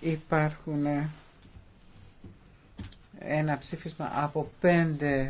Υπάρχουν ε, ένα ψήφισμα από πέντε